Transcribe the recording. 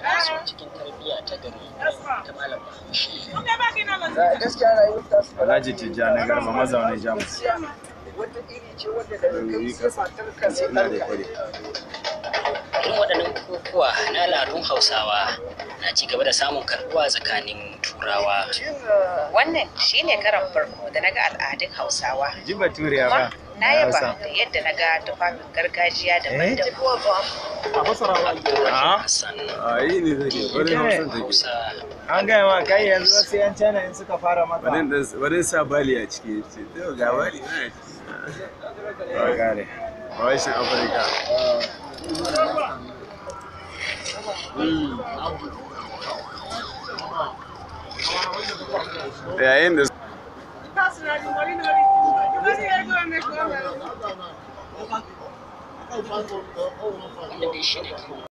'ya'yansu cikin tarbiyya ta gari ta malam bahaushe gaskiya rayuwar ta su alhaji tijjani garba mazaunin jamus wata iri ce wadda daga kai sai matarka sai irin waɗannan bukukuwa na al'adun hausawa na ci gaba da samun karbuwa tsakanin turawa wannan shi ne karan farko da naga al'adun hausawa ji baturiya ba na yaba da yadda naga tufafin gargajiya eh? daban-daban a fasarawa ah? Hassan a ne take wani hausa take an gaya ma kai yanzu wasu yan cana in suka fara maka wani sa bali a ciki ce to ga bali na ya gane a washin afirka hmm. yayin da Thank you.